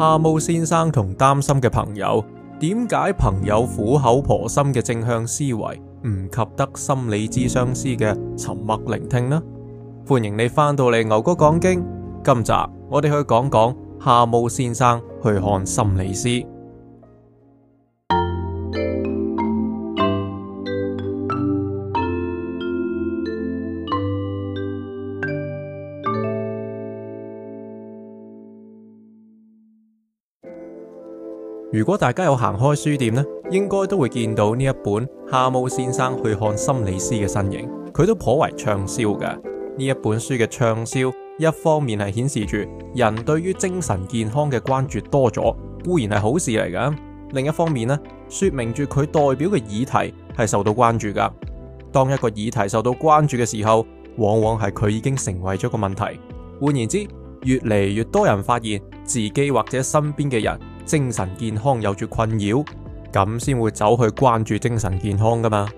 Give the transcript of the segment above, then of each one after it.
蛤蟆先生同擔心嘅朋友，點解朋友苦口婆心嘅正向思維，唔及得心理諮商師嘅沉默聆聽呢？歡迎你返到嚟牛哥講經，今集我哋去講講蛤蟆先生去看心理師。如果大家有行開書店呢，應該都會見到呢一本《蛤蟆先生去看心理師》嘅身影，佢都頗為暢銷嘅。呢一本書嘅暢銷，一方面係顯示住人對於精神健康嘅關注多咗，固然係好事嚟㗎；另一方面呢，說明住佢代表嘅議題係受到關注㗎。當一個議題受到關注嘅時候，往往係佢已經成為咗個問題。換言之，越嚟越多人發現自己或者身邊嘅人。精神健康有住困擾咁，先會走去關注精神健康噶嘛。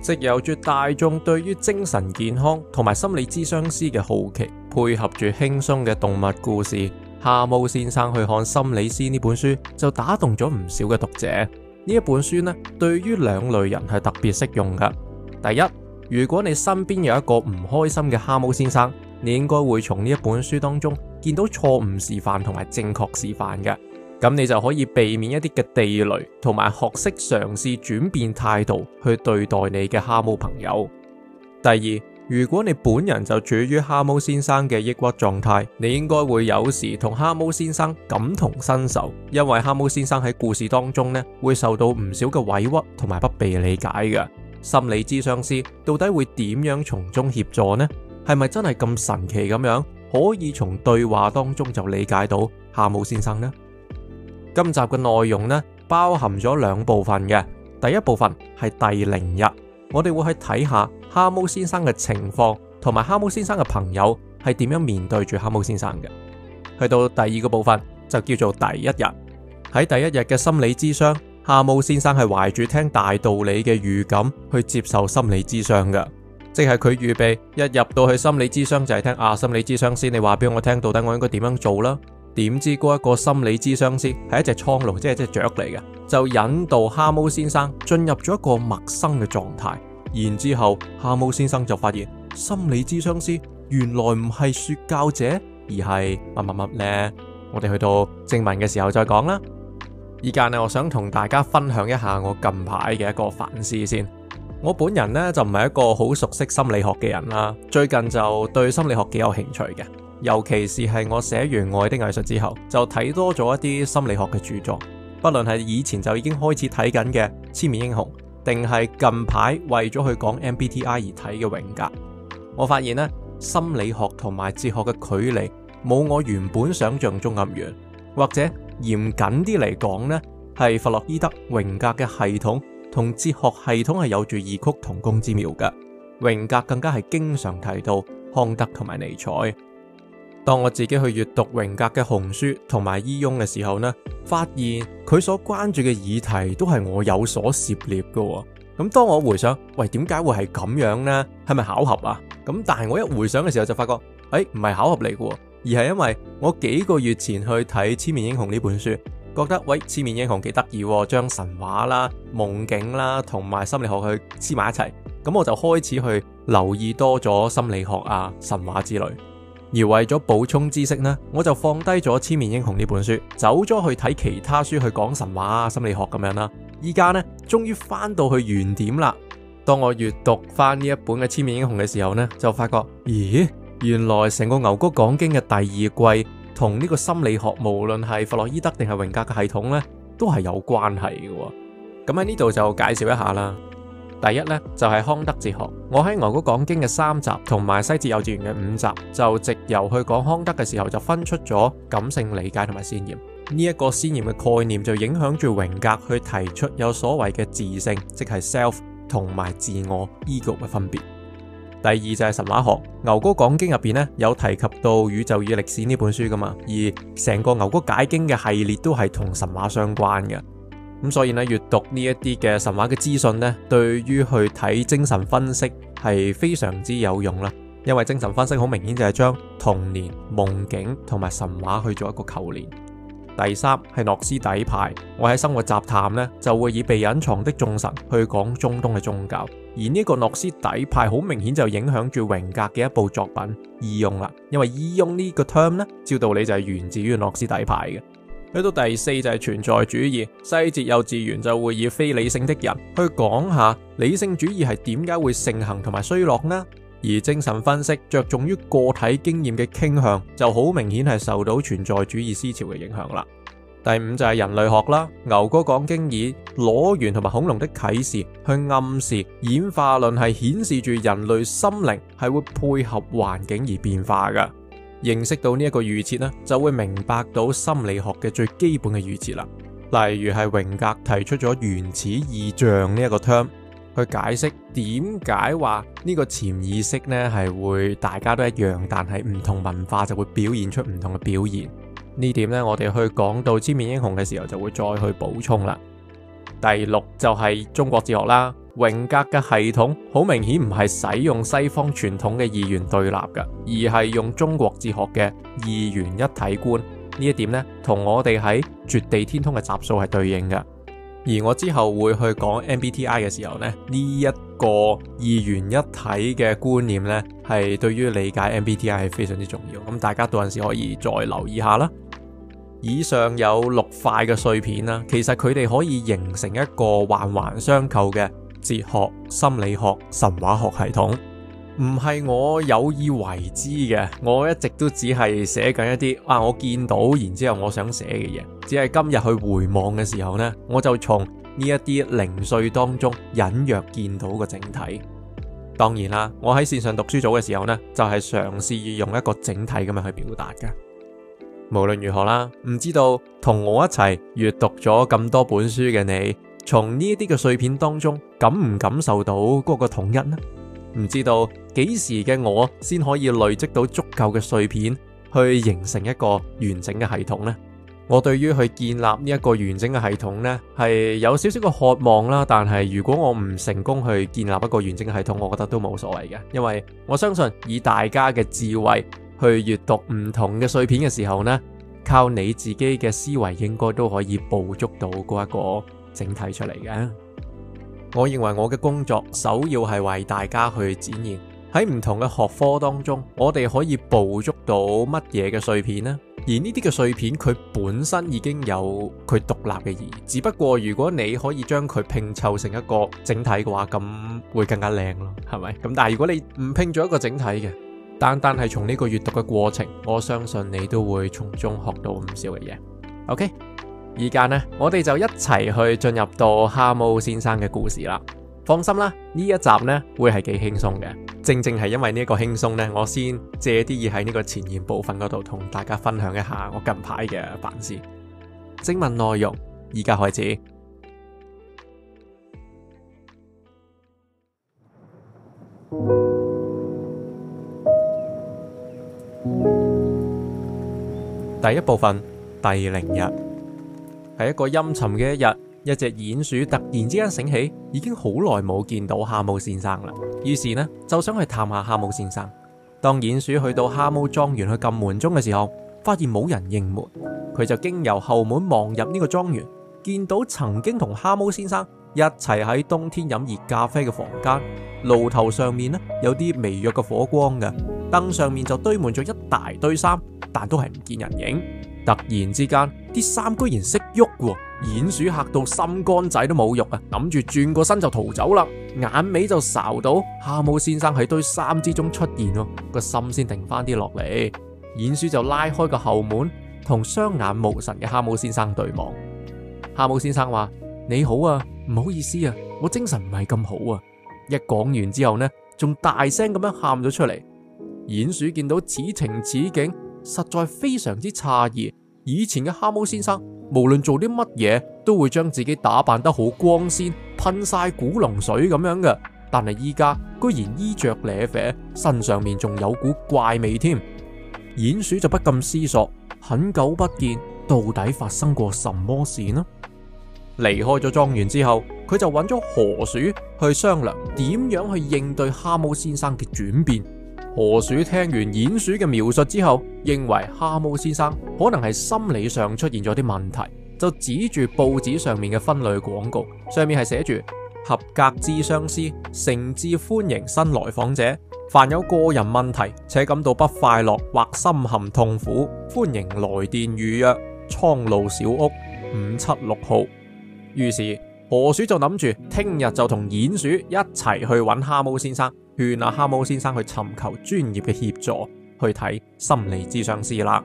藉由住大眾對於精神健康同埋心理諮商師嘅好奇，配合住輕鬆嘅動物故事《蛤蟆先生去看心理師》呢本書就打動咗唔少嘅讀者。呢一本書呢，對於兩類人係特別適用噶。第一，如果你身邊有一個唔開心嘅蛤蟆先生，你應該會從呢一本書當中見到錯誤示範同埋正確示範嘅。咁你就可以避免一啲嘅地雷，同埋學識嘗試轉變態度去對待你嘅蛤蟆朋友。第二，如果你本人就處於蛤蟆先生嘅抑鬱狀態，你應該會有時同蛤蟆先生感同身受，因為蛤蟆先生喺故事當中呢，會受到唔少嘅委屈同埋不被理解嘅。心理諮商師到底會點樣從中協助呢？係咪真係咁神奇咁樣可以從對話當中就理解到蛤蟆先生呢？今集嘅內容呢，包含咗兩部分嘅。第一部分係第零日，我哋會去睇下蛤蟆先生嘅情況，同埋蛤蟆先生嘅朋友係點樣面對住蛤蟆先生嘅。去到第二個部分就叫做第一日。喺第一日嘅心理諮商，蛤蟆先生係懷住聽大道理嘅預感去接受心理諮商嘅，即係佢預備一入到去心理諮商就係、是、聽啊心理諮商師，你話俾我聽，到底我應該點樣做啦。點知嗰一個心理諮商師係一隻蒼鷺，即係隻雀嚟嘅，就引導蛤蟆先生進入咗一個陌生嘅狀態。然之後，蛤蟆先生就發現心理諮商師原來唔係說教者，而係乜乜乜呢。我哋去到正文嘅時候再講啦。而家呢，我想同大家分享一下我近排嘅一個反思先。我本人呢就唔係一個好熟悉心理學嘅人啦，最近就對心理學幾有興趣嘅。尤其是係我寫完《愛的藝術》之後，就睇多咗一啲心理學嘅著作，不論係以前就已經開始睇緊嘅《千面英雄》，定係近排為咗去講 MBTI 而睇嘅榮格。我發現呢，心理學同埋哲學嘅距離冇我原本想象中咁遠，或者嚴謹啲嚟講呢，係弗洛伊德榮格嘅系統同哲學系統係有住異曲同工之妙嘅。榮格更加係經常提到康德同埋尼采。當我自己去閱讀榮格嘅《紅書》同埋《伊翁》嘅時候呢，發現佢所關注嘅議題都係我有所涉獵嘅喎。咁當我回想，喂，點解會係咁樣呢？係咪巧合啊？咁但係我一回想嘅時候就發覺，誒、哎，唔係巧合嚟嘅，而係因為我幾個月前去睇《千面英雄》呢本書，覺得喂，《千面英雄》幾得意，將神話啦、夢境啦同埋心理學去黐埋一齊，咁我就開始去留意多咗心理學啊、神話之類。而為咗補充知識呢，我就放低咗《千面英雄》呢本書，走咗去睇其他書去講神話、心理學咁樣啦。依家呢，終於翻到去原點啦。當我閱讀翻呢一本嘅《千面英雄》嘅時候呢，就發覺，咦，原來成個牛哥講經嘅第二季同呢個心理學，無論係弗洛伊德定係榮格嘅系統呢，都係有關係嘅。咁喺呢度就介紹一下啦。第一咧就係、是、康德哲學，我喺牛哥講經嘅三集同埋西哲幼稚園嘅五集就直由去講康德嘅時候就分出咗感性理解同埋先驗，呢一個先驗嘅概念就影響住榮格去提出有所謂嘅自性，即係 self 同埋自我 ego 嘅分別。第二就係神話學，牛哥講經入邊咧有提及到宇宙與歷史呢本書噶嘛，而成個牛哥解經嘅系列都係同神話相關嘅。咁所以咧，閱讀呢一啲嘅神話嘅資訊呢，對於去睇精神分析係非常之有用啦。因為精神分析好明顯就係將童年、夢境同埋神話去做一個扣連。第三係諾斯底派，我喺生活雜談呢就會以被隱藏的眾神去講中東嘅宗教。而呢個諾斯底派好明顯就影響住榮格嘅一部作品《易容》啦。因為《易容》呢個 term 咧，照道理就係源自於諾斯底派嘅。去到第四就係存在主義，西哲幼稚園就會以非理性的人去講下理性主義係點解會盛行同埋衰落呢，而精神分析着重於個體經驗嘅傾向，就好明顯係受到存在主義思潮嘅影響啦。第五就係人類學啦，牛哥講經以裸猿同埋恐龍的啟示，去暗示演化論係顯示住人類心靈係會配合環境而變化㗎。認識到呢一個預設啦，就會明白到心理學嘅最基本嘅預設啦。例如係榮格提出咗原始意象呢一個 term 去解釋點解話呢個潛意識呢係會大家都一樣，但係唔同文化就會表現出唔同嘅表現。呢點呢，我哋去講到千面英雄嘅時候就會再去補充啦。第六就係中國哲學啦。榮格嘅系統好明顯唔係使用西方傳統嘅二元對立嘅，而係用中國哲學嘅二元一體觀。呢一點呢，同我哋喺絕地天通嘅集數係對應嘅。而我之後會去講 MBTI 嘅時候呢，呢、這、一個二元一體嘅觀念呢，係對於理解 MBTI 係非常之重要。咁大家到陣時可以再留意下啦。以上有六塊嘅碎片啦，其實佢哋可以形成一個環環相扣嘅。哲學、心理學、神話學系統，唔係我有意為之嘅。我一直都只係寫緊一啲啊，我見到然之後我想寫嘅嘢。只係今日去回望嘅時候呢，我就從呢一啲零碎當中隱約見到個整體。當然啦，我喺線上讀書組嘅時候呢，就係、是、嘗試要用一個整體咁樣去表達嘅。無論如何啦，唔知道同我一齊閱讀咗咁多本書嘅你。從呢一啲嘅碎片當中感唔感受到嗰個統一呢？唔知道幾時嘅我先可以累積到足夠嘅碎片，去形成一個完整嘅系統呢？我對於去建立呢一個完整嘅系統呢，係有少少嘅渴望啦。但係如果我唔成功去建立一個完整嘅系統，我覺得都冇所謂嘅，因為我相信以大家嘅智慧去閱讀唔同嘅碎片嘅時候呢，靠你自己嘅思維應該都可以捕捉到嗰一個整體出嚟嘅，我認為我嘅工作首要係為大家去展現喺唔同嘅學科當中，我哋可以捕捉到乜嘢嘅碎片呢？而呢啲嘅碎片，佢本身已經有佢獨立嘅意義，只不過如果你可以將佢拼湊成一個整體嘅話，咁會更加靚咯，係咪？咁但係如果你唔拼咗一個整體嘅，單單係從呢個閱讀嘅過程，我相信你都會從中學到唔少嘅嘢。OK。依家呢，我哋就一齊去進入到蛤蟆先生嘅故事啦。放心啦，呢一集呢會係幾輕鬆嘅，正正係因為呢一個輕鬆咧，我先借啲嘢喺呢個前言部分嗰度同大家分享一下我近排嘅反思。正文內容依家開始。第一部分，第零日。係一個陰沉嘅一日，一隻鼴鼠突然之間醒起，已經好耐冇見到蛤蟆先生啦。於是呢，就想去探下蛤蟆先生。當鼴鼠去到蛤蟆莊園去撳門鐘嘅時候，發現冇人應門，佢就經由後門望入呢個莊園，見到曾經同蛤蟆先生一齊喺冬天飲熱咖啡嘅房間，爐頭上面呢有啲微弱嘅火光嘅，燈上面就堆滿咗一大堆衫，但都係唔見人影。突然之間，啲衫居然識喐、啊，鼹鼠吓到心肝仔都冇肉啊！諗住轉個身就逃走啦，眼尾就睄到蛤蟆先生喺堆衫之中出現哦、啊，個心先定翻啲落嚟。鼹鼠就拉開個後門，同雙眼無神嘅蛤蟆先生對望。蛤蟆先生話：你好啊，唔好意思啊，我精神唔係咁好啊。一講完之後呢，仲大聲咁樣喊咗出嚟。鼹鼠見到此情此景，實在非常之詫異。以前嘅蛤蟆先生，無論做啲乜嘢，都會將自己打扮得好光鮮，噴晒古龍水咁樣嘅。但係依家居然衣着咧啡，身上面仲有股怪味添。鼹鼠就不禁思索，很久不見，到底發生過什麼事呢？離開咗莊園之後，佢就揾咗河鼠去商量，點樣去應對蛤蟆先生嘅轉變。何鼠聽完鼹鼠嘅描述之後，認為蛤蟆先生可能係心理上出現咗啲問題，就指住報紙上面嘅分類廣告，上面係寫住合格諮商師，誠摯歡迎新來訪者，凡有個人問題且感到不快樂或深陷痛苦，歡迎來電預約蒼鷺小屋五七六號。於是河鼠就諗住聽日就同鼹鼠一齊去搵蛤蟆先生。勸阿蛤蟆先生去尋求專業嘅協助，去睇心理諮商師啦。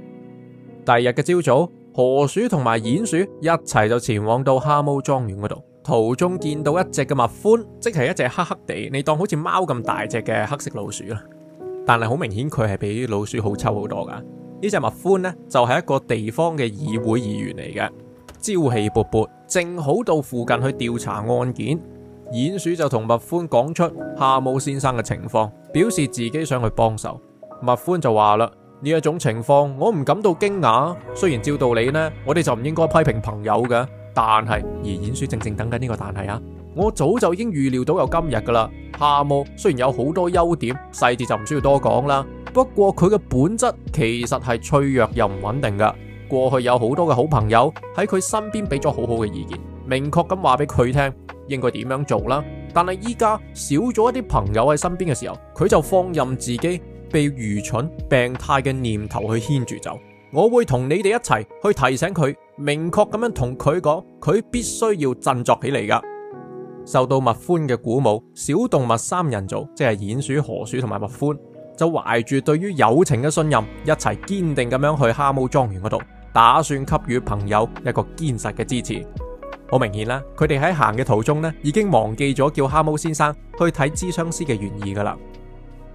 第二日嘅朝早，河鼠同埋鼹鼠一齊就前往到蛤蟆莊園嗰度，途中見到一隻嘅蜜獾，即係一隻黑黑地，你當好似貓咁大隻嘅黑色老鼠啦。但係好明顯佢係比老鼠好抽好多噶。呢隻蜜獾呢，就係一個地方嘅議會議員嚟嘅，朝氣勃勃，正好到附近去調查案件。鼹鼠就同麥歡講出蛤蟆先生嘅情況，表示自己想去幫手。麥歡就話啦：呢一種情況我唔感到驚訝，雖然照道理呢，我哋就唔應該批評朋友嘅，但係而鼹鼠正正等緊呢個但係啊！我早就已經預料到有今日噶啦。蛤蟆雖然有好多優點，細節就唔需要多講啦。不過佢嘅本質其實係脆弱又唔穩定嘅。過去有好多嘅好朋友喺佢身邊俾咗好好嘅意見，明確咁話俾佢聽。應該點樣做啦？但係依家少咗一啲朋友喺身邊嘅時候，佢就放任自己被愚蠢病態嘅念頭去牽住走。我會同你哋一齊去提醒佢，明確咁樣同佢講，佢必須要振作起嚟噶。受到蜜獾嘅鼓舞，小動物三人組即係鼹鼠、河鼠同埋蜜獾，就懷住對於友情嘅信任，一齊堅定咁樣去蛤蟆莊園嗰度，打算給予朋友一個堅實嘅支持。好明顯啦，佢哋喺行嘅途中呢，已經忘記咗叫蛤蟆先生去睇諮商師嘅原意噶啦。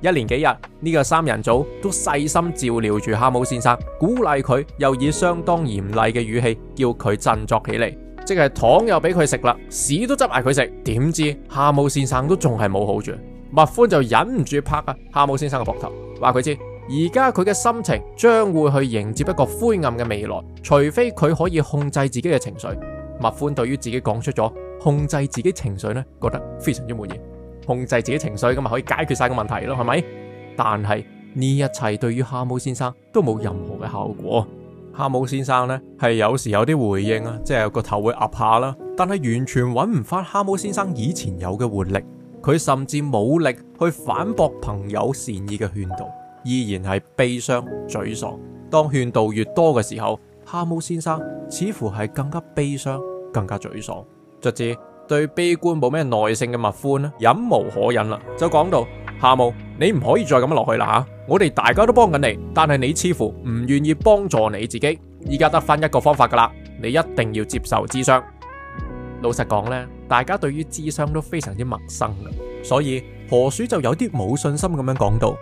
一連幾日，呢、這個三人組都細心照料住蛤蟆先生，鼓勵佢，又以相當嚴厲嘅語氣叫佢振作起嚟，即係糖又俾佢食啦，屎都執埋佢食。點知蛤蟆先生都仲係冇好住，麥歡就忍唔住拍啊蛤蟆先生嘅膊頭，話佢知，而家佢嘅心情將會去迎接一個灰暗嘅未來，除非佢可以控制自己嘅情緒。麥歡對於自己講出咗控制自己情緒呢，覺得非常之滿意。控制自己情緒咁咪可以解決晒個問題咯，係咪？但係呢一切對於蛤蟆先生都冇任何嘅效果。蛤蟆先生呢，係有時有啲回應啊，即係個頭會岌下啦，但係完全揾唔翻蛤蟆先生以前有嘅活力。佢甚至冇力去反駁朋友善意嘅勸導，依然係悲傷沮喪。當勸導越多嘅時候，蛤蟆先生似乎係更加悲傷，更加沮喪。卒之，對悲觀冇咩耐性嘅麥歡忍無可忍啦，就講到：蛤蟆，你唔可以再咁落去啦吓、啊！我哋大家都幫緊你，但係你似乎唔願意幫助你自己。而家得返一個方法噶啦，你一定要接受諮商。老實講咧，大家對於諮商都非常之陌生，所以河鼠就有啲冇信心咁樣講到。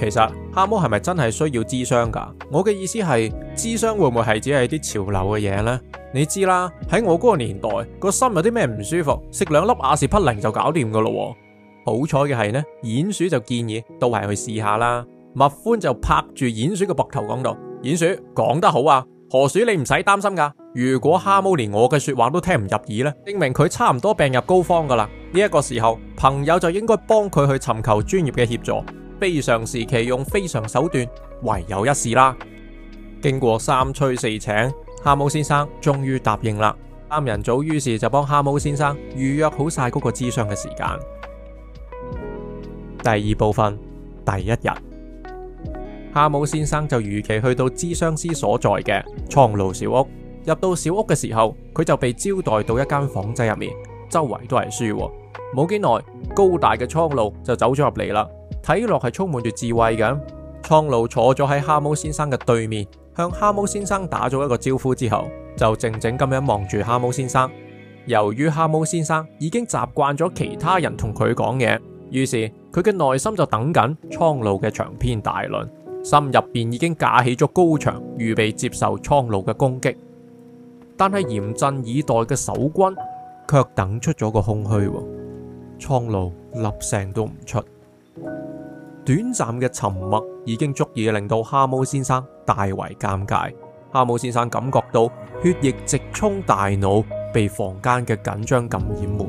其實蛤蟆係咪真係需要諮商噶？我嘅意思係諮商會唔會係只係啲潮流嘅嘢呢？你知啦，喺我嗰個年代，個心有啲咩唔舒服，食兩粒阿士匹靈就搞掂噶咯。好彩嘅係呢，鼴鼠就建議都係去試下啦。麥歡就拍住鼴鼠嘅膊頭講到：鼴鼠講得好啊，河鼠你唔使擔心噶。如果蛤蟆連我嘅說話都聽唔入耳呢，證明佢差唔多病入膏肓噶啦。呢、這、一個時候，朋友就應該幫佢去尋求專業嘅協助。非常時期用非常手段，唯有一試啦。經過三催四請，蛤蟆先生終於答應啦。三人組於是就幫蛤蟆先生預約好晒嗰個諮商嘅時間。第二部分，第一日，蛤蟆先生就如期去到諮商師所在嘅蒼鷺小屋。入到小屋嘅時候，佢就被招待到一間房仔入面，周圍都係書。冇幾耐，高大嘅蒼鷺就走咗入嚟啦。睇落係充滿住智慧嘅，蒼鷺坐咗喺蛤蟆先生嘅對面，向蛤蟆先生打咗一個招呼之後，就靜靜咁樣望住蛤蟆先生。由於蛤蟆先生已經習慣咗其他人同佢講嘢，於是佢嘅內心就等緊蒼鷺嘅長篇大論，心入邊已經架起咗高牆，預備接受蒼鷺嘅攻擊。但係嚴陣以待嘅守軍卻等出咗個空虛，蒼鷺粒聲都唔出。短暫嘅沉默已經足以令到蛤蟆先生大為尷尬。蛤蟆先生感覺到血液直衝大腦，被房間嘅緊張感淹沒。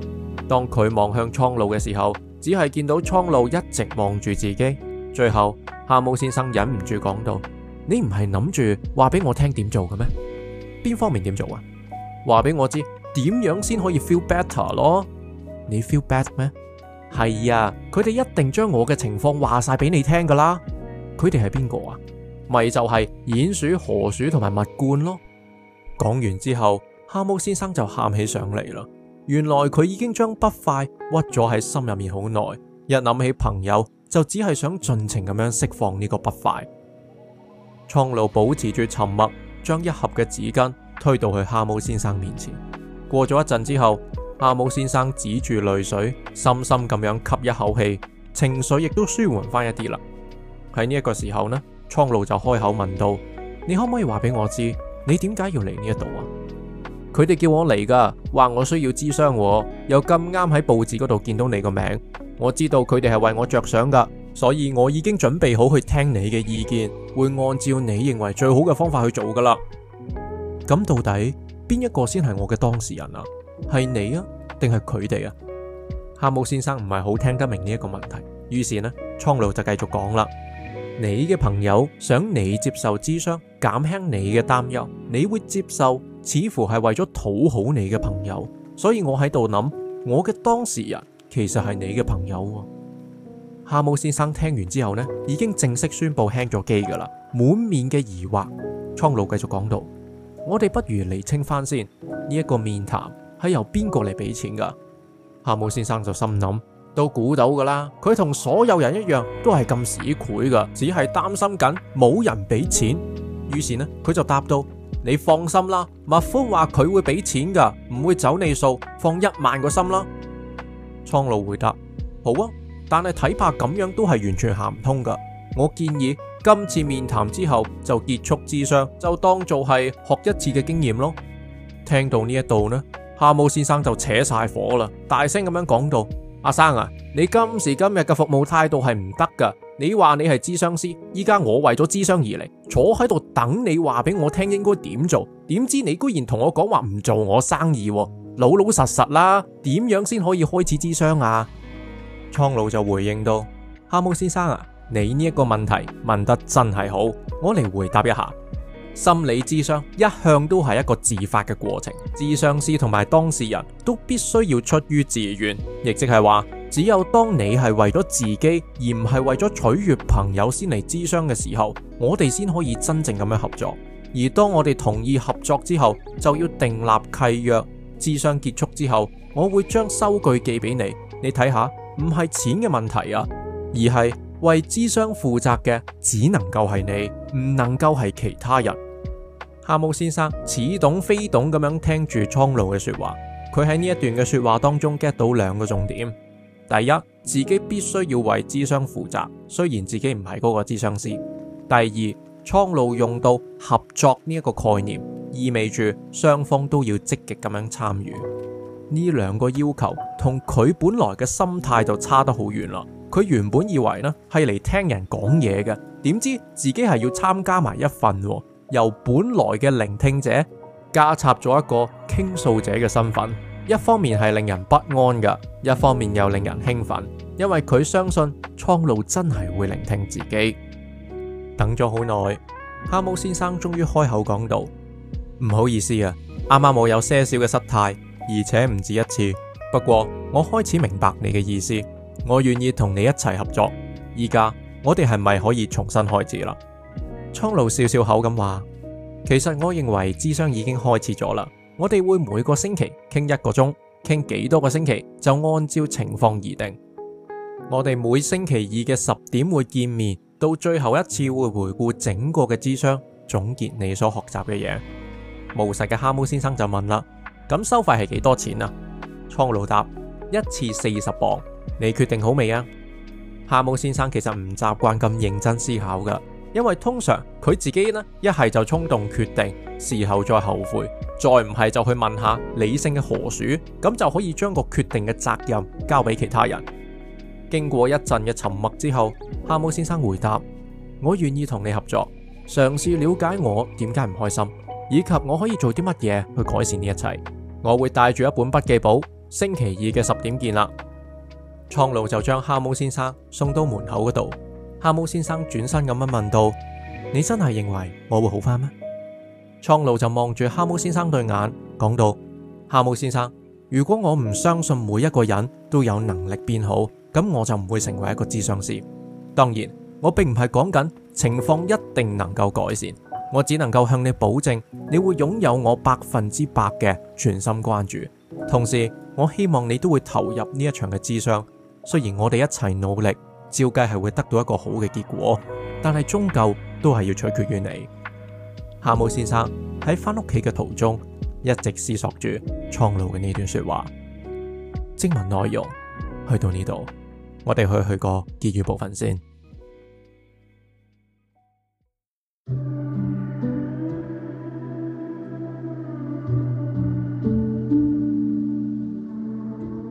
當佢望向蒼鷺嘅時候，只係見到蒼鷺一直望住自己。最後，蛤蟆先生忍唔住講道：你唔係諗住話俾我聽點做嘅咩？邊方面點做啊？話俾我知點樣先可以 feel better 咯？你 feel bad 咩？係啊，佢哋一定將我嘅情況話晒俾你聽噶啦。佢哋係邊個啊？咪就係鼴鼠、河鼠同埋蜜罐咯。講完之後，蛤蟆先生就喊起上嚟啦。原來佢已經將不快屈咗喺心入面好耐，一諗起朋友，就只係想盡情咁樣釋放呢個不快。蒼鷺保持住沉默，將一盒嘅紙巾推到去蛤蟆先生面前。過咗一陣之後。蛤蟆先生止住淚水，深深咁樣吸一口氣，情緒亦都舒緩返一啲啦。喺呢一個時候呢，蒼鷺就開口問道：你可唔可以話俾我知，你點解要嚟呢一度啊？佢哋叫我嚟噶，話我需要諮商，又咁啱喺報紙嗰度見到你個名，我知道佢哋係為我着想噶，所以我已經準備好去聽你嘅意見，會按照你認為最好嘅方法去做噶啦。咁、嗯、到底邊一個先係我嘅當事人啊？係你啊，定係佢哋啊？蛤蟆先生唔係好聽得明呢一個問題，於是呢，蒼鷺就繼續講啦。你嘅朋友想你接受諮商，減輕你嘅擔憂，你會接受，似乎係為咗討好你嘅朋友。所以我喺度諗，我嘅當事人其實係你嘅朋友啊。蛤蟆先生聽完之後呢，已經正式宣布輕咗機噶啦，滿面嘅疑惑。蒼鷺繼續講到，我哋不如厘清翻先呢一個面談。係由邊個嚟俾錢噶？蛤蟆先生就心諗都估到噶啦，佢同所有人一樣都係咁市儈噶，只係擔心緊冇人俾錢。於是呢，佢就答道：你放心啦，麥歡話佢會俾錢噶，唔會走你數，放一萬個心啦。蒼鷺回答：好啊，但係睇怕咁樣都係完全行唔通噶。我建議今次面談之後就結束諮商，就當做係學一次嘅經驗咯。聽到呢一度呢？蛤蟆先生就扯晒火啦，大聲咁樣講道：阿生啊，你今時今日嘅服務態度係唔得㗎。你話你係諮商師，依家我為咗諮商而嚟，坐喺度等你話俾我聽應該點做，點知你居然同我講話唔做我生意，老老實實啦，點樣先可以開始諮商啊？蒼鷺就回應道：蛤蟆先生啊，你呢一個問題問得真係好，我嚟回答一下。心理諮商一向都係一個自發嘅過程，諮商師同埋當事人都必須要出於自願，亦即係話，只有當你係為咗自己而唔係為咗取悅朋友先嚟諮商嘅時候，我哋先可以真正咁樣合作。而當我哋同意合作之後，就要訂立契約。諮商結束之後，我會將收據寄俾你，你睇下，唔係錢嘅問題啊，而係。為諮商負責嘅只能夠係你，唔能夠係其他人。蛤蟆先生似懂非懂咁樣聽住蒼鷺嘅說話，佢喺呢一段嘅說話當中 get 到兩個重點：第一，自己必須要為諮商負責，雖然自己唔係嗰個諮商師；第二，蒼鷺用到合作呢一個概念，意味住雙方都要積極咁樣參與。呢兩個要求同佢本來嘅心態就差得好遠啦。佢原本以為咧係嚟聽人講嘢嘅，點知自己係要參加埋一份，哦，由本來嘅聆聽者，加插咗一個傾訴者嘅身份。一方面係令人不安噶，一方面又令人興奮，因為佢相信蒼鷺真係會聆聽自己。等咗好耐，蛤蟆先生終於開口講道，唔好意思啊，啱啱我有些少嘅失態，而且唔止一次。不過我開始明白你嘅意思。我願意同你一齊合作，依家我哋係咪可以重新開始啦？蒼鷺笑笑口咁話，其實我認為諮商已經開始咗啦。我哋會每個星期傾一個鐘，傾幾多個星期就按照情況而定。我哋每星期二嘅十點會見面，到最後一次會回顧整個嘅諮商，總結你所學習嘅嘢。務實嘅蛤蟆先生就問啦，咁收費係幾多錢啊？蒼鷺答：一次四十鎊。你決定好未啊？蛤蟆先生其實唔習慣咁認真思考噶，因為通常佢自己呢一係就衝動決定，事後再後悔，再唔係就去問下理性嘅河鼠，咁就可以將個決定嘅責任交俾其他人。經過一陣嘅沉默之後，蛤蟆先生回答：我願意同你合作，嘗試了解我點解唔開心，以及我可以做啲乜嘢去改善呢一切。我會帶住一本筆記簿，星期二嘅十點見啦。蒼鷺就將蛤蟆先生送到門口嗰度，蛤蟆先生轉身咁樣問道：你真係認為我會好翻咩？蒼鷺就望住蛤蟆先生對眼講道：「蛤蟆先生，如果我唔相信每一個人都有能力變好，咁我就唔會成為一個諮商師。當然，我並唔係講緊情況一定能夠改善，我只能夠向你保證，你會擁有我百分之百嘅全心關注，同時我希望你都會投入呢一場嘅諮商。雖然我哋一齊努力，照計係會得到一個好嘅結果，但係終究都係要取決於你。蛤蟆先生喺翻屋企嘅途中，一直思索住蒼鷺嘅呢段說話。正文內容去到呢度，我哋去，去去個結語部分先。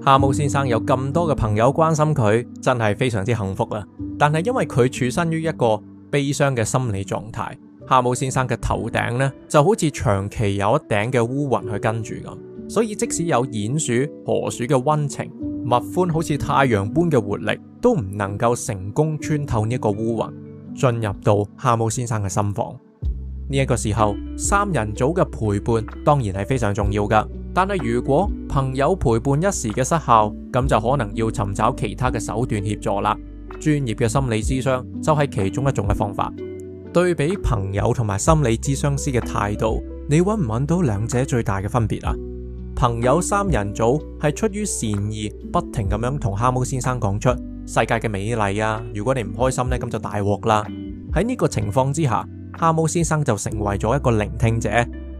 蛤蟆先生有咁多嘅朋友關心佢，真係非常之幸福啊。但係因為佢處身於一個悲傷嘅心理狀態，蛤蟆先生嘅頭頂呢就好似長期有一頂嘅烏雲去跟住咁，所以即使有鼴鼠、河鼠嘅溫情、蜜獾好似太陽般嘅活力，都唔能夠成功穿透呢個烏雲，進入到蛤蟆先生嘅心房。呢、這、一個時候，三人組嘅陪伴當然係非常重要㗎。但係如果朋友陪伴一時嘅失效，咁就可能要尋找其他嘅手段協助啦。專業嘅心理諮商就係其中一種嘅方法。對比朋友同埋心理諮商師嘅態度，你揾唔揾到兩者最大嘅分別啊？朋友三人組係出於善意，不停咁樣同蛤蟆先生講出世界嘅美麗啊。如果你唔開心呢，咁就大鑊啦。喺呢個情況之下，蛤蟆先生就成為咗一個聆聽者，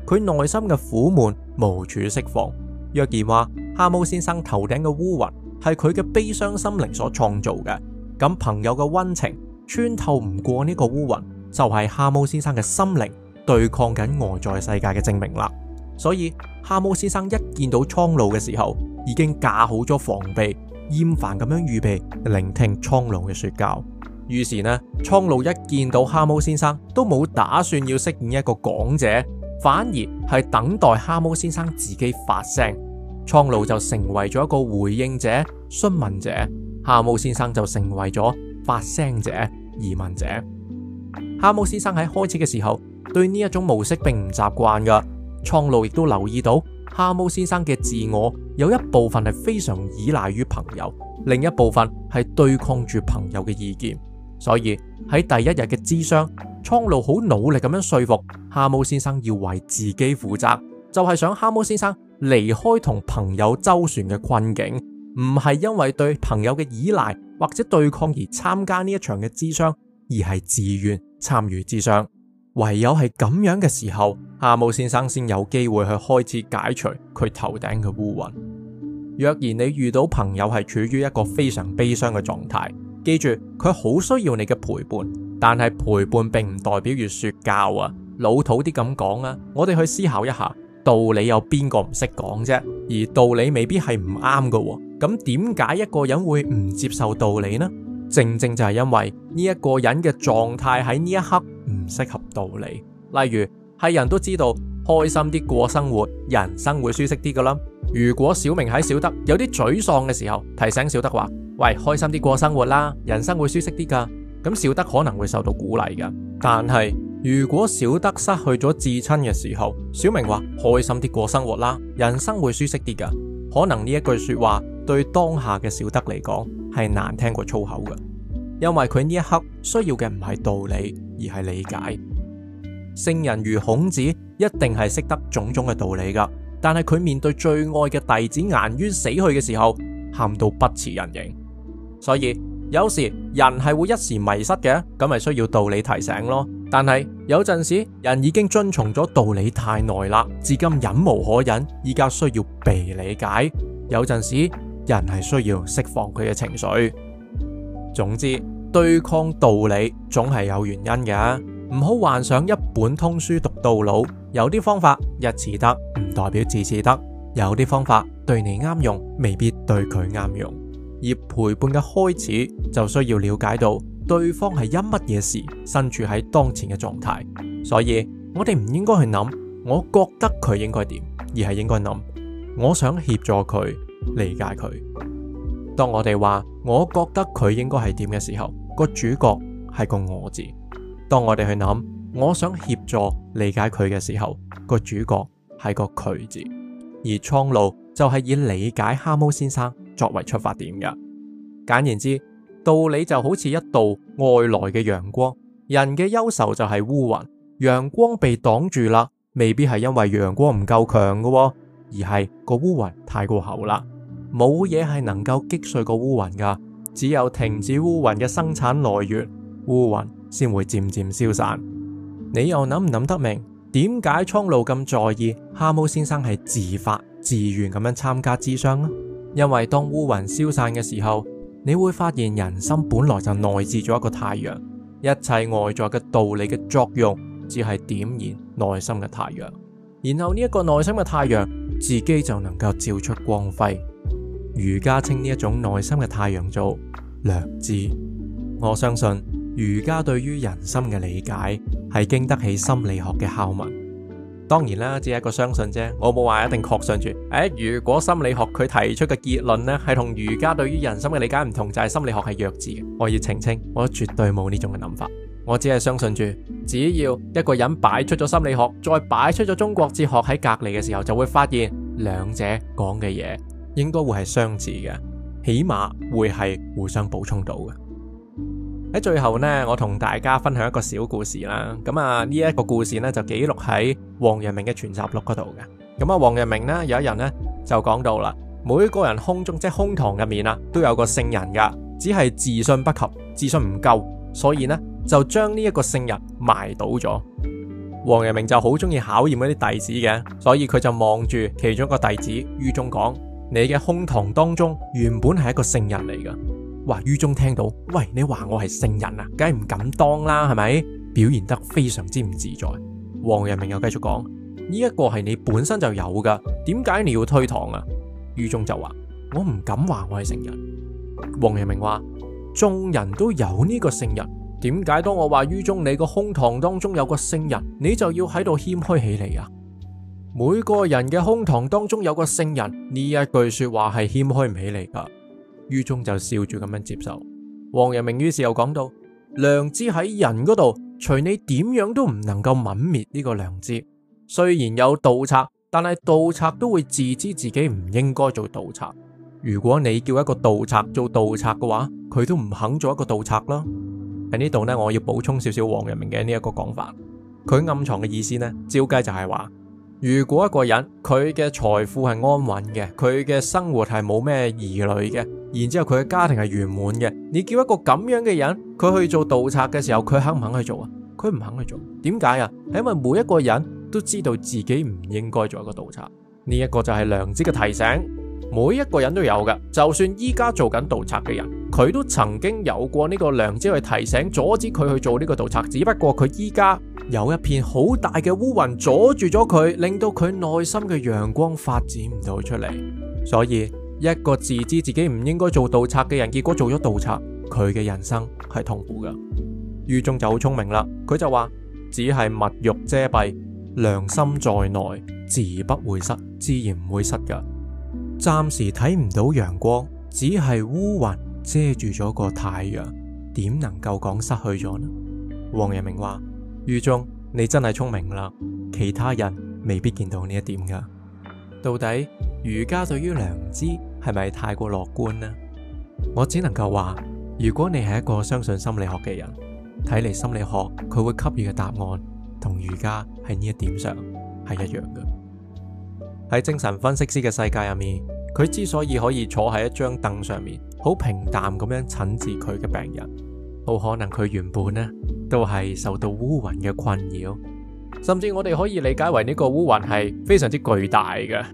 佢內心嘅苦悶無處釋放。若然話，蛤蟆先生頭頂嘅烏雲係佢嘅悲傷心靈所創造嘅，咁朋友嘅溫情穿透唔過呢個烏雲，就係蛤蟆先生嘅心靈對抗緊外在世界嘅證明啦。所以，蛤蟆先生一見到蒼鷺嘅時候，已經架好咗防備，厭煩咁樣預備聆聽蒼鷺嘅說教。於是呢，蒼鷺一見到蛤蟆先生，都冇打算要飾演一個講者。反而係等待蛤蟆先生自己發聲，蒼鷺就成為咗一個回應者、詢問者，蛤蟆先生就成為咗發聲者、疑問者。蛤蟆先生喺開始嘅時候對呢一種模式並唔習慣噶，蒼鷺亦都留意到蛤蟆先生嘅自我有一部分係非常依賴於朋友，另一部分係對抗住朋友嘅意見。所以喺第一日嘅諮商，蒼鷺好努力咁樣說服蛤蟆先生要為自己負責，就係、是、想蛤蟆先生離開同朋友周旋嘅困境，唔係因為對朋友嘅依賴或者對抗而參加呢一場嘅諮商，而係自願參與諮商。唯有係咁樣嘅時候，蛤蟆先生先有機會去開始解除佢頭頂嘅烏雲。若然你遇到朋友係處於一個非常悲傷嘅狀態，記住佢好需要你嘅陪伴，但係陪伴並唔代表要說教啊！老土啲咁講啊，我哋去思考一下，道理有邊個唔識講啫？而道理未必係唔啱噶，咁點解一個人會唔接受道理呢？正正就係因為呢一個人嘅狀態喺呢一刻唔適合道理。例如係人都知道開心啲過生活，人生會舒適啲噶啦。如果小明喺小德有啲沮喪嘅時候，提醒小德話，喂，開心啲過生活啦，人生會舒適啲噶。咁小德可能會受到鼓勵噶，但係如果小德失去咗至親嘅時候，小明話開心啲過生活啦，人生會舒適啲噶。可能呢一句說話對當下嘅小德嚟講係難聽過粗口噶，因為佢呢一刻需要嘅唔係道理而係理解。聖人如孔子一定係識得種種嘅道理噶，但係佢面對最愛嘅弟子顏淵死去嘅時候，喊到不似人形。所以有時人係會一時迷失嘅，咁咪需要道理提醒咯。但係有陣時人已經遵從咗道理太耐啦，至今忍無可忍，依家需要被理解。有陣時人係需要釋放佢嘅情緒。總之，對抗道理總係有原因嘅，唔好幻想一本通書讀到老。有啲方法一次得，唔代表次次得。有啲方法對你啱用，未必對佢啱用。而陪伴嘅開始就需要了解到對方係因乜嘢事身處喺當前嘅狀態，所以我哋唔應該去諗我覺得佢應該點，而係應該諗我想協助佢理解佢。當我哋話我覺得佢應該係點嘅時候，個主角係個我字；當我哋去諗我想協助理解佢嘅時候，個主角係個佢字。而蒼鷺就係以理解蛤蟆先生作為出發點嘅，簡言之，道理就好似一道外來嘅陽光，人嘅憂愁就係烏雲，陽光被擋住啦，未必係因為陽光唔夠強嘅、哦，而係個烏雲太過厚啦。冇嘢係能夠擊碎個烏雲噶，只有停止烏雲嘅生產來源，烏雲先會漸漸消散。你又諗唔諗得明，點解蒼鷺咁在意蛤蟆先生係自發自願咁樣參加諮商啊？因為當烏雲消散嘅時候，你會發現人心本來就內置咗一個太陽，一切外在嘅道理嘅作用，只係點燃內心嘅太陽，然後呢一個內心嘅太陽自己就能夠照出光輝。儒家稱呢一種內心嘅太陽做良知，我相信儒家對於人心嘅理解係經得起心理學嘅拷問。當然啦，只係一個相信啫。我冇話一定確信住誒。如果心理學佢提出嘅結論呢，係同儒家對於人生嘅理解唔同，就係、是、心理學係弱智嘅。我要澄清，我絕對冇呢種嘅諗法。我只係相信住，只要一個人擺出咗心理學，再擺出咗中國哲學喺隔離嘅時候，就會發現兩者講嘅嘢應該會係相似嘅，起碼會係互相補充到嘅。喺最後呢，我同大家分享一個小故事啦。咁啊，呢一個故事呢，就記錄喺王陽明嘅全集錄嗰度嘅。咁啊，王陽明呢，有一人呢，就講到啦，每個人胸中即係胸膛入面啊，都有個聖人噶，只係自信不及，自信唔夠，所以呢，就將呢一個聖人埋倒咗。王陽明就好中意考驗嗰啲弟子嘅，所以佢就望住其中一個弟子于中講：你嘅胸膛當中原本係一個聖人嚟噶。話于中聽到，喂，你話我係聖人啊，梗係唔敢當啦，係咪？表現得非常之唔自在。王陽明又繼續講：呢一個係你本身就有噶，點解你要推搪啊？于中就話：我唔敢話我係聖人。王陽明話：眾人都有呢個聖人，點解當我話于中你個胸膛當中有個聖人，你就要喺度謙虛起嚟啊？每個人嘅胸膛當中有個聖人，呢一句說話係謙虛唔起嚟噶。于中就笑住咁樣接受，王陽明於是又講到：良知喺人嗰度，隨你點樣都唔能夠泯滅呢個良知。雖然有盜賊，但係盜賊都會自知自己唔應該做盜賊。如果你叫一個盜賊做盜賊嘅話，佢都唔肯做一個盜賊啦。喺呢度呢，我要補充少少王陽明嘅呢一個講法，佢暗藏嘅意思呢，照計就係話。如果一個人佢嘅財富係安穩嘅，佢嘅生活係冇咩疑慮嘅，然之後佢嘅家庭係圓滿嘅，你叫一個咁樣嘅人，佢去做盜賊嘅時候，佢肯唔肯去做啊？佢唔肯去做，點解啊？係因為每一個人都知道自己唔應該做一個盜賊，呢一個就係良知嘅提醒。每一個人都有噶，就算依家做緊盜賊嘅人，佢都曾經有過呢個良知去提醒、阻止佢去做呢個盜賊。只不過佢依家有一片好大嘅烏雲阻住咗佢，令到佢內心嘅陽光發展唔到出嚟。所以一個自知自己唔應該做盜賊嘅人，結果做咗盜賊，佢嘅人生係痛苦噶。於中就好聰明啦，佢就話：只係物欲遮蔽，良心在內，自不會失，自然唔會失噶。暫時睇唔到陽光，只係烏雲遮住咗個太陽，點能夠講失去咗呢？黃日明話：于中你真係聰明啦，其他人未必見到呢一點噶。到底儒家對於良知係咪太過樂觀呢？我只能夠話，如果你係一個相信心理學嘅人，睇嚟心理學佢會給予嘅答案同儒家喺呢一點上係一樣嘅。喺精神分析師嘅世界入面，佢之所以可以坐喺一張凳上面，好平淡咁樣診治佢嘅病人，好可能佢原本呢都係受到烏雲嘅困擾，甚至我哋可以理解為呢個烏雲係非常之巨大嘅。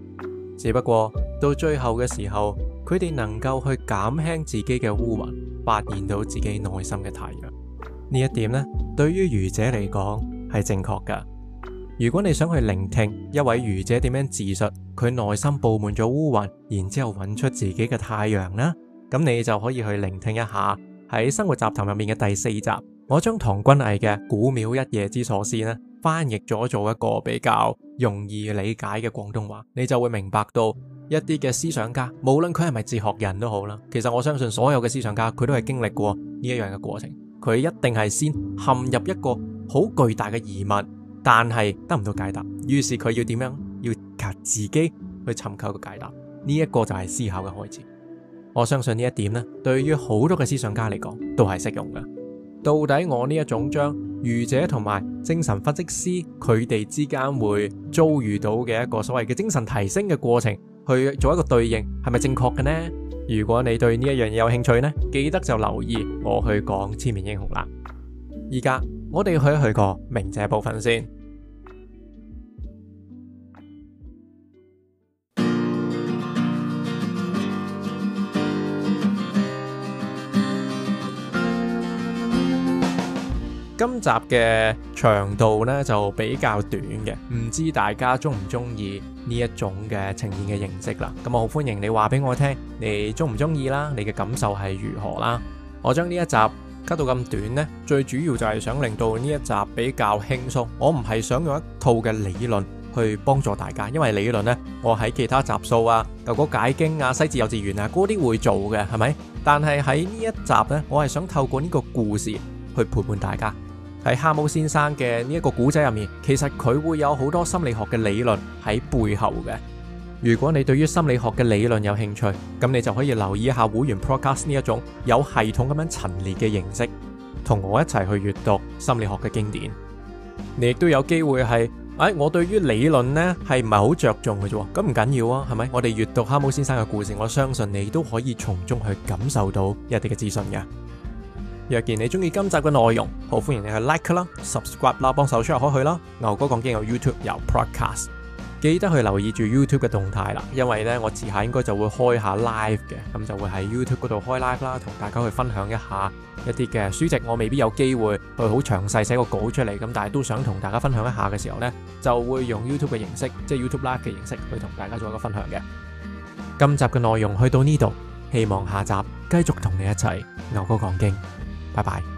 只不過到最後嘅時候，佢哋能夠去減輕自己嘅烏雲，發現到自己內心嘅太陽。呢一點呢，對於愚者嚟講係正確嘅。如果你想去聆聽一位儒者點樣自述，佢內心布滿咗烏雲，然之後揾出自己嘅太陽咧，咁你就可以去聆聽一下喺生活集談入面嘅第四集，我將唐君毅嘅《古廟一夜之所思》呢，翻譯咗做一個比較容易理解嘅廣東話，你就會明白到一啲嘅思想家，無論佢係咪哲學人都好啦，其實我相信所有嘅思想家佢都係經歷過呢一樣嘅過程，佢一定係先陷入一個好巨大嘅疑問。但係得唔到解答，於是佢要點樣要靠自己去尋求個解答？呢一個就係思考嘅開始。我相信呢一點咧，對於好多嘅思想家嚟講都係適用嘅。到底我呢一種將愚者同埋精神分析師佢哋之間會遭遇到嘅一個所謂嘅精神提升嘅過程，去做一個對應，係咪正確嘅呢？如果你對呢一樣嘢有興趣呢，記得就留意我去講千面英雄啦。而家我哋去一去個明者部分先。今集嘅長度呢，就比較短嘅，唔知大家中唔中意呢一種嘅呈現嘅形式啦。咁我好歡迎你話俾我聽，你中唔中意啦？你嘅感受係如何啦？我將呢一集 cut 到咁短呢，最主要就係想令到呢一集比較輕鬆。我唔係想用一套嘅理論去幫助大家，因為理論呢，我喺其他集數啊、舅哥解經啊、西字幼稚園啊嗰啲會做嘅，係咪？但係喺呢一集呢，我係想透過呢個故事去陪伴大家。喺蛤蟆先生嘅呢一個古仔入面，其實佢會有好多心理學嘅理論喺背後嘅。如果你對於心理學嘅理論有興趣，咁你就可以留意一下會員 Podcast 呢一種有系統咁樣陳列嘅形式，同我一齊去閱讀心理學嘅經典。你亦都有機會係，誒、哎，我對於理論呢係唔係好着重嘅啫，咁唔緊要啊，係咪？我哋閱讀蛤蟆先生嘅故事，我相信你都可以從中去感受到一啲嘅資訊嘅。若然你中意今集嘅內容，好歡迎你去 like 啦、subscribe 啦、幫手 share 開去啦。牛哥講經有 YouTube 有 podcast，記得去留意住 YouTube 嘅動態啦，因為呢，我遲下應該就會開下 live 嘅，咁就會喺 YouTube 嗰度開 live 啦，同大家去分享一下一啲嘅書籍，我未必有機會去好詳細寫個稿出嚟咁，但係都想同大家分享一下嘅時候呢，就會用 YouTube 嘅形式，即係 YouTube live 嘅形式去同大家做一個分享嘅。今集嘅內容去到呢度，希望下集繼續同你一齊牛哥講經。拜拜。